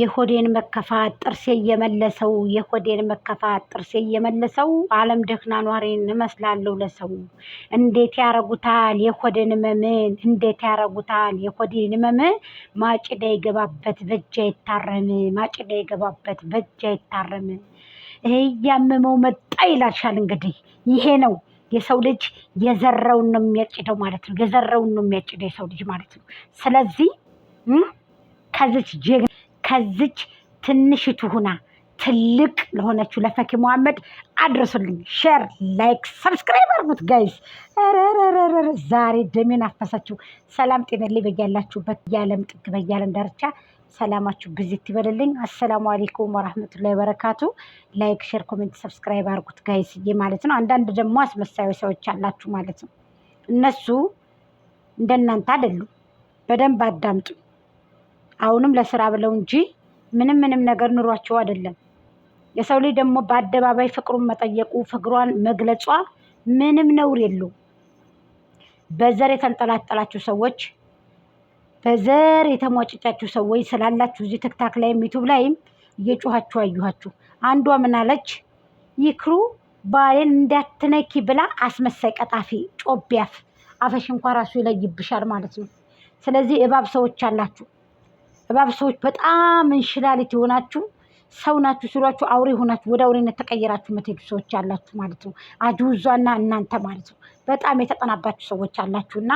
የሆዴን መከፋት ጥርሴ እየመለሰው የሆዴን መከፋት ጥርሴ እየመለሰው አለም ደክና ኗሪን እመስላለሁ ለሰው። እንዴት ያረጉታል የሆዴን መምን እንዴት ያረጉታል የሆዴን መም ማጭዳ ይገባበት በጃ ይታረም ማጭዳ ይገባበት በጃ ይታረም። ይሄ እያመመው መጣ ይላልሻል እንግዲህ ይሄ ነው የሰው ልጅ የዘረውን ነው የሚያጭደው ማለት ነው። የዘረውን ነው የሚያጭደው የሰው ልጅ ማለት ነው። ስለዚህ ከዚች ጀግ ከዚች ትንሽቱ ሁና ትልቅ ለሆነችው ለፈኪ መሐመድ አድርሱልኝ። ሼር፣ ላይክ፣ ሰብስክራይብ አርጉት ጋይስ። ረረረረ ዛሬ ደሜን አፈሳችሁ። ሰላም ጤነልኝ በያላችሁበት የዓለም ጥግ በያለም ዳርቻ ሰላማችሁ ብዜት ይበልልኝ። አሰላሙ አሌይኩም ወራህመቱላሂ ወበረካቱ። ላይክ፣ ሼር፣ ኮሜንት፣ ሰብስክራይብ አርጉት ጋይዝ ማለት ነው። አንዳንድ ደግሞ አስመሳዩ ሰዎች አላችሁ ማለት ነው። እነሱ እንደናንተ አይደሉም። በደንብ አዳምጡ። አሁንም ለስራ ብለው እንጂ ምንም ምንም ነገር ኑሯቸው አይደለም። የሰው ልጅ ደግሞ በአደባባይ ፍቅሩን መጠየቁ ፍቅሯን መግለጿ ምንም ነውር የለው። በዘር የተንጠላጠላችሁ ሰዎች፣ በዘር የተሟጭጫችሁ ሰዎች ስላላችሁ እዚህ ትክታክ ላይም ዩቱብ ላይም እየጮኋችሁ አየኋችሁ። አንዷ ምናለች ይክሩ ባሌን እንዳትነኪ ብላ አስመሳይ ቀጣፊ ጮቢያፍ አፈሽ እንኳ ራሱ ይለይብሻል ማለት ነው። ስለዚህ እባብ ሰዎች አላችሁ። እባብ ሰዎች በጣም እንሽላሊት የሆናችሁ ሰው ናችሁ ሲሏችሁ አውሬ ሆናችሁ ወደ አውሬነት ተቀየራችሁ መትሄዱ ሰዎች አላችሁ ማለት ነው። አጅውዟና እናንተ ማለት ነው። በጣም የተጠናባችሁ ሰዎች አላችሁ። እና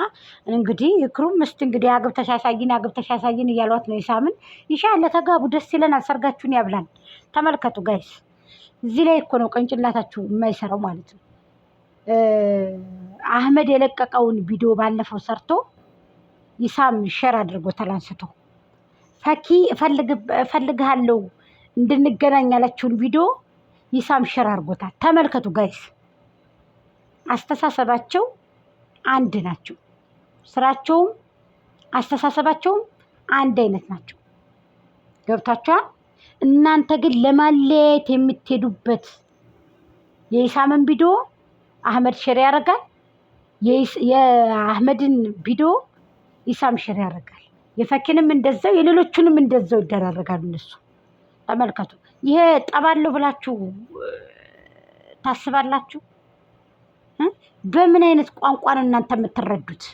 እንግዲህ ክሩም ምስት እንግዲህ አግብተሽ አሳይን አግብተሽ አሳይን እያሏት ነው። ይሳምን ይሻለ ተጋቡ፣ ደስ ይለናል፣ ሰርጋችሁን ያብላል። ተመልከቱ ጋይስ፣ እዚህ ላይ እኮ ነው ቅንጭላታችሁ የማይሰራው ማለት ነው። አህመድ የለቀቀውን ቪዲዮ ባለፈው ሰርቶ ይሳም ሼር አድርጎ አንስቶ ፈኪ እፈልግሃለሁ እንድንገናኝ ያለችውን ቪዲዮ ይሳም ሸር አድርጎታል። ተመልከቱ ጋይስ፣ አስተሳሰባቸው አንድ ናቸው። ስራቸውም አስተሳሰባቸውም አንድ አይነት ናቸው። ገብታችኋል። እናንተ ግን ለማለያየት የምትሄዱበት የኢሳምን ቪዲዮ አህመድ ሸር ያደርጋል። የአህመድን ቪዲዮ ኢሳም ሸር ያደርጋል። የፈኪንም እንደዛው የሌሎቹንም እንደዛው ይደራረጋሉ። እነሱ ተመልከቱ። ይሄ ጠባለሁ ብላችሁ ታስባላችሁ? በምን አይነት ቋንቋ ነው እናንተ የምትረዱት?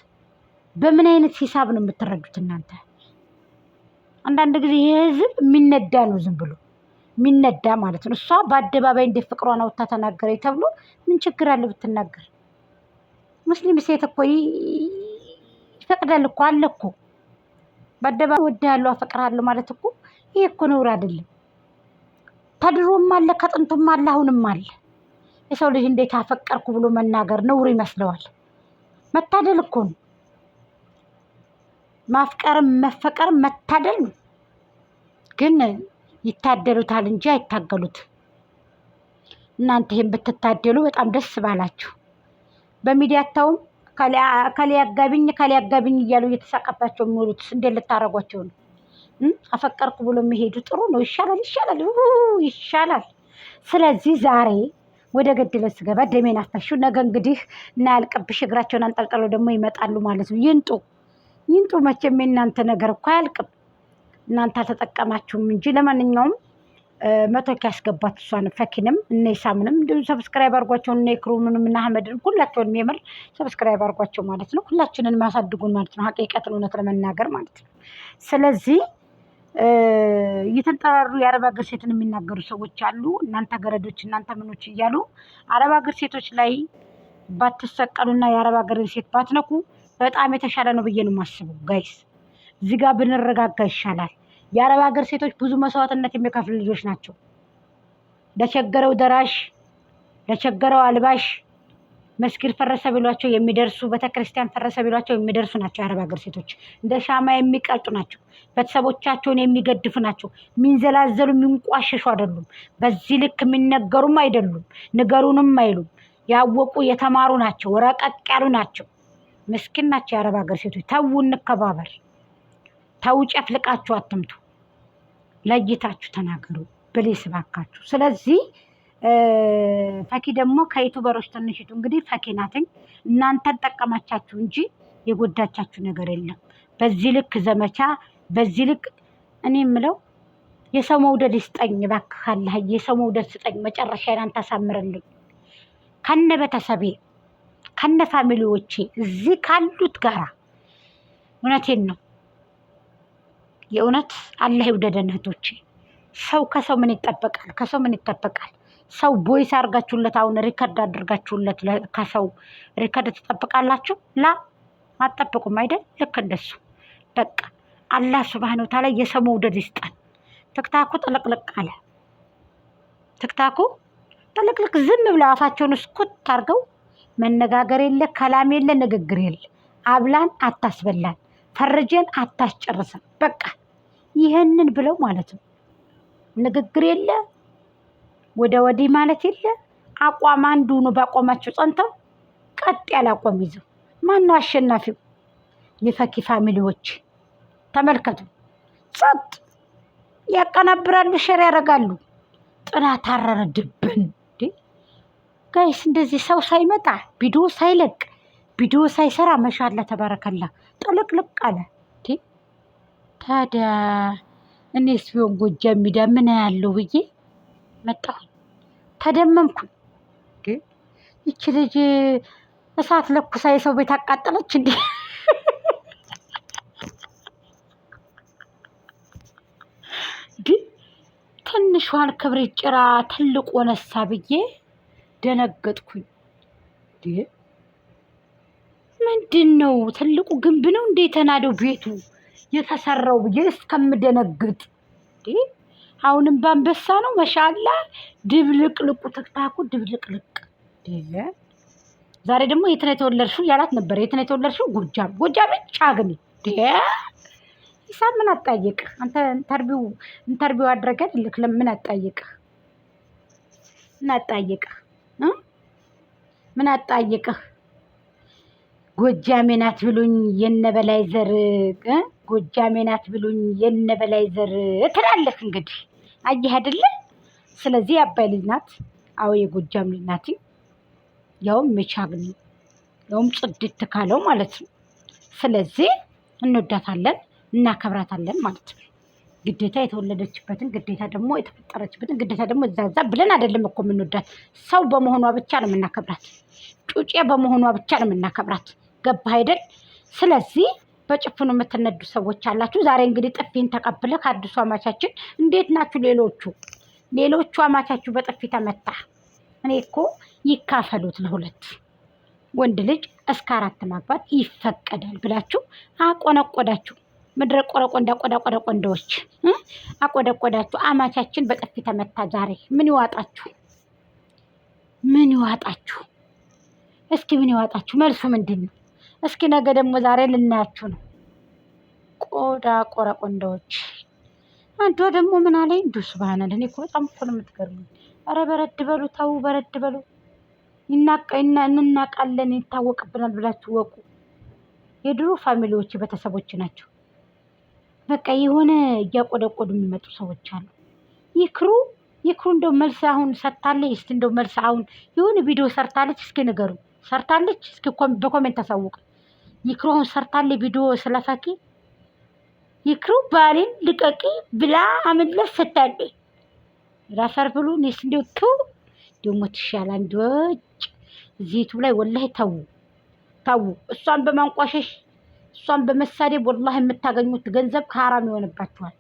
በምን አይነት ሂሳብ ነው የምትረዱት እናንተ? አንዳንድ ጊዜ ይህ ህዝብ የሚነዳ ነው፣ ዝም ብሎ የሚነዳ ማለት ነው። እሷ በአደባባይ እንደ ፍቅሯን አውጥታ ተናገረ ተብሎ ምን ችግር አለ ብትናገር? ሙስሊም ሴት እኮ ይፈቅዳል እኮ አለ እኮ በአደባባይ ወዳለሁ አለ ማለት እኮ ይሄ እኮ ነውር አይደለም። ከድሮም አለ ከጥንቱም አለ አሁንም አለ። የሰው ልጅ እንዴት አፈቀርኩ ብሎ መናገር ነውር ይመስለዋል። መታደል እኮ ነው። ማፍቀርም መፈቀርም መታደል ነው። ግን ይታደሉታል እንጂ አይታገሉት። እናንተ ይህን ብትታደሉ በጣም ደስ ባላችሁ። በሚዲያ ታውም ከሊያጋቢኝ ከሊያጋቢኝ እያሉ እየተሳቀባቸው የሚውሉት እንዴት ልታደርጓቸው ነው? አፈቀርኩ ብሎ የሚሄዱ ጥሩ ነው፣ ይሻላል፣ ይሻላል፣ ይሻላል። ስለዚህ ዛሬ ወደ ገድለን ስገባ ደሜን አታሹ። ነገ እንግዲህ እናያልቅብሽ። እግራቸውን አንጠልጠለው ደግሞ ይመጣሉ ማለት ነው። ይንጡ ይንጡ። መቼም የእናንተ ነገር እኮ አያልቅም። እናንተ አልተጠቀማችሁም እንጂ ለማንኛውም መቶኪ ያስገባት እሷን ፈኪንም እነ ሳምንም እንዲሁም ሰብስክራይብ አርጓቸውን እነ ክሩምንም እና አህመድን ሁላቸውን የምር ሰብስክራይብ አርጓቸው ማለት ነው። ሁላችንን ማሳድጉን ማለት ነው። ሀቂቀትን እውነት ለመናገር ማለት ነው። ስለዚህ እየተንጠራሩ የአረብ ሀገር ሴትን የሚናገሩ ሰዎች አሉ። እናንተ ገረዶች፣ እናንተ ምኖች እያሉ አረብ ሀገር ሴቶች ላይ ባትሰቀሉና የአረብ ሀገር ሴት ባትነኩ በጣም የተሻለ ነው ብዬ ነው የማስበው። ጋይስ እዚህ ብንረጋጋ ይሻላል። የአረብ ሀገር ሴቶች ብዙ መስዋዕትነት የሚከፍሉ ልጆች ናቸው። ለቸገረው ደራሽ፣ ለቸገረው አልባሽ፣ መስጊድ ፈረሰ ቢሏቸው የሚደርሱ ቤተክርስቲያን ፈረሰ ቢሏቸው የሚደርሱ ናቸው። የአረብ ሀገር ሴቶች እንደ ሻማ የሚቀልጡ ናቸው። ቤተሰቦቻቸውን የሚገድፉ ናቸው። የሚንዘላዘሉ የሚንቋሸሹ አይደሉም። በዚህ ልክ የሚነገሩም አይደሉም። ንገሩንም አይሉም። ያወቁ የተማሩ ናቸው። ረቀቅ ያሉ ናቸው። ምስኪን ናቸው የአረብ ሀገር ሴቶች። ተዉ እንከባበር። ተው፣ አፍልቃችሁ አትምቱ። ለይታችሁ ተናገሩ ብሌስ ስባካችሁ። ስለዚህ ፈኪ ደግሞ ከዩቱበሮች ትንሽቱ እንግዲህ ፈኪ ናትኝ። እናንተን ጠቀማቻችሁ እንጂ የጎዳቻችሁ ነገር የለም። በዚህ ልክ ዘመቻ፣ በዚህ ልክ እኔ የምለው የሰው መውደድ ይስጠኝ እባክህ የሰው መውደድ ስጠኝ። መጨረሻ ናንተ ታሳምርልኝ። ከነ ቤተሰቤ ከነ ፋሚሊዎቼ እዚህ ካሉት ጋራ እውነቴን ነው የእውነት አላህ ይውደደን እህቶቼ። ሰው ከሰው ምን ይጠበቃል? ከሰው ምን ይጠበቃል? ሰው ቦይስ አድርጋችሁለት አሁን ሪከርድ አድርጋችሁለት ከሰው ሪከርድ ትጠብቃላችሁ? ላ አጠብቁም አይደል? ልክ እንደሱ በቃ አላህ ስብሐነ ወተዓላ የሰው መውደድ ይስጠን። ትክታኩ ጥልቅልቅ አለ። ትክታኩ ጥልቅልቅ ዝም ብለው አፋቸውን እስኩት አድርገው መነጋገር የለ ከላም የለ ንግግር የለ አብላን አታስበላን። ፈርጀን አታስጨርስም። በቃ ይህንን ብለው ማለት ነው። ንግግር የለ ወደ ወዲህ ማለት የለ አቋም አንዱ ነው። ባቆማቸው ጸንተው ቀጥ ያለ አቋም ይዘው ማነው አሸናፊው? የፈኪ ፋሚሊዎች ተመልከቱ። ጸጥ ያቀናብራሉ፣ ሸር ያደርጋሉ። ጥላት አረረድብን ጋይስ። እንደዚህ ሰው ሳይመጣ ቪዲዮ ሳይለቅ ቪዲዮ ሳይሰራ መሻላ ተባረከላ ጥልቅልቅ አለ። ታዲያ እኔስ ቢሆን ጎጃም ሜዳ ምን ያለው ብዬ መጣሁኝ። ተደመምኩኝ። ይቺ ልጅ እሳት ለኩሳ የሰው ቤት አቃጠለች እንዴ? ትንሿን ክብሪት ጭራ ትልቅ ወነሳ ብዬ ደነገጥኩኝ። ምንድን ነው ትልቁ ግንብ ነው እንዴ የተናደው ቤቱ የተሰራው ብዬ እስከምደነግጥ አሁንም ባንበሳ ነው መሻላ ድብልቅልቁ ትክታኩ ድብልቅልቅ ዛሬ ደግሞ የት ነው የተወለድሽው ያላት ነበር የት ነው የተወለድሽው ጎጃም ጎጃም ቻግኒ ሂሳብ ምን አጣየቅህ አንተ ኢንተርቪው ኢንተርቪው አድረገ ልክ ለምን አጣየቅህ ምን አጣየቅህ ምን አጣየቅህ ጎጃሜ ናት ብሉኝ የነበላይ ዘር ጎጃሜ ናት ብሉኝ የነበላይ ዘር ትላለህ። እንግዲህ አየህ አይደለ? ስለዚህ የአባይ ልጅ ናት። አዎ የጎጃም ልጅ ናት። ያውም መቻግኒ ያውም ጽድት ካለው ማለት ነው። ስለዚህ እንወዳታለን፣ እናከብራታለን ማለት ነው። ግዴታ የተወለደችበትን ግዴታ ደግሞ የተፈጠረችበትን ግዴታ ደግሞ እዛዛ ብለን አይደለም እኮ የምንወዳት። ሰው በመሆኗ ብቻ ነው የምናከብራት። ጩጬ በመሆኗ ብቻ ነው የምናከብራት። ገባ አይደል? ስለዚህ በጭፍኑ የምትነዱ ሰዎች አላችሁ። ዛሬ እንግዲህ ጥፊን ተቀብለ ከአዲሱ አማቻችን እንዴት ናችሁ? ሌሎቹ ሌሎቹ አማቻችሁ በጥፊ ተመታ። እኔ እኮ ይካፈሉት ለሁለት ወንድ ልጅ እስከ አራት ማግባት ይፈቀዳል ብላችሁ አቆነቆዳችሁ። ምድረ ቆረቆንዳ ቆዳ ቆዳ ቆንዳዎች አቆደቆዳችሁ። አማቻችን በጥፊ ተመታ። ዛሬ ምን ይዋጣችሁ? ምን ይዋጣችሁ? እስኪ ምን ይዋጣችሁ? መልሱ ምንድን ነው? እስኪ ነገ ደግሞ ዛሬ ልናያችሁ ነው። ቆዳ ቆረቆንዳዎች አንዷ ደግሞ ምን አለኝ እንዱ ስብሃናል። እኔ እኮ በጣም እኮ ነው የምትገርሙኝ። ኧረ በረድ በሉ ተው፣ በረድ በሉ እንናቃለን፣ ይታወቅብናል ብላችሁ ወቁ። የድሮ ፋሚሊዎች ቤተሰቦች ናቸው። በቃ የሆነ እያቆደቆዱ የሚመጡ ሰዎች አሉ። ይክሩ ይክሩ እንደው መልስ አሁን ሰርታለች። እስኪ እንደው መልስ አሁን የሆነ ቪዲዮ ሰርታለች። እስኪ ንገሩ ሰርታለች። እስኪ በኮሜንት ታሳውቅ። ይክሮውን ሰርታል ቪዲዮ ስለፈኪ ይክሩ ባሌን ልቀቂ ብላ አምለስ ሰታል ራፈር ብሉ ኔስ እንዲው ቱ ደግሞ ትሻላ እንዲወጭ ዜቱ ላይ ወላሂ ተዉ ተዉ። እሷን በማንቋሸሽ እሷን በመሳደብ ወላሂ የምታገኙት ገንዘብ ከሀራም ይሆንባችኋል።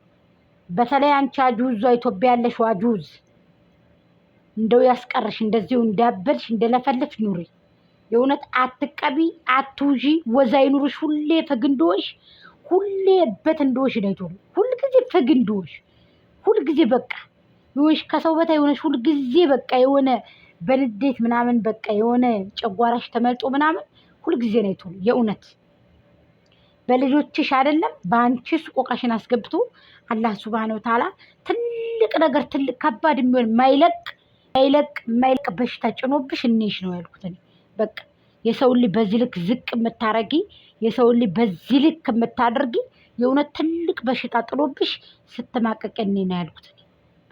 በተለይ አንቺ አጁዟ ኢትዮጵያ ያለሽ አጁዝ እንደው ያስቀርሽ እንደዚሁ እንዳበልሽ እንደለፈልፍ ኑሪ። የእውነት አትቀቢ፣ አትውዢ፣ ወዛ ይኑርሽ። ሁሌ ፈግንዶሽ፣ ሁሌ በት እንደሆሽ ነው። ሁልጊዜ ፈግንዶሽ፣ ሁልጊዜ በቃ የሆንሽ ከሰው በታ የሆነሽ ሁልጊዜ በቃ የሆነ በንዴት ምናምን በቃ የሆነ ጨጓራሽ ተመልጦ ምናምን ሁልጊዜ ነው። የእውነት በልጆችሽ አይደለም በአንቺ ቆቃሽን አስገብቶ አላህ ሱብሃነ ወተዓላ ትልቅ ነገር ትልቅ ከባድ የሚሆን ማይለቅ ማይለቅ ማይለቅ በሽታ ጭኖብሽ እኔሽ ነው ያልኩት። በቃ የሰውን ልጅ በዚህ ልክ ዝቅ የምታረጊ የሰውን ልጅ በዚህ ልክ የምታደርጊ የእውነት ትልቅ በሽታ ጥሎብሽ ስትማቀቅ እኔ ነው ያልኩት።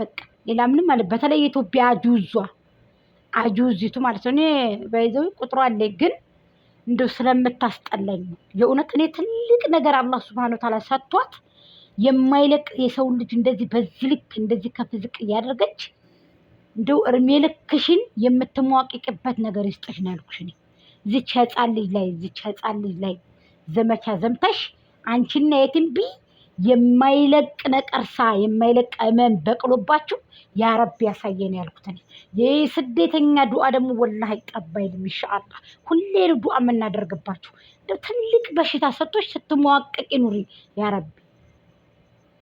በቃ ሌላ ምንም አለ። በተለይ የኢትዮጵያ አጁዟ አጁዚቱ ማለት ነው። እኔ በይዘው ቁጥሩ አለ ግን እንደው ስለምታስጠላኝ ነው የእውነት። እኔ ትልቅ ነገር አላህ ሱብሃነሁ ወተዓላ ሰጥቷት የማይለቅ የሰውን ልጅ እንደዚህ በዚህ ልክ እንደዚህ ከፍ ዝቅ እያደረገች እንደው እርሜ ልክሽን የምትሟቂቅበት ነገር ይስጥሽ ነው ያልኩሽ። እኔ ህፃን ልጅ ላይ ዝች ህፃን ልጅ ላይ ዘመቻ ዘምተሽ አንቺና የትንቢ የማይለቅ ነቀርሳ የማይለቅ እመን በቅሎባችሁ የአረብ ያሳየን ያልኩት ይህ ስደተኛ ዱዓ ደግሞ ወላ ይቀባይል ኢንሻአላህ ሁሌ ዱዓ የምናደርግባችሁ ትልቅ በሽታ ሰጥቶች ስትሟቅቂ ኑሪ ያረቢ።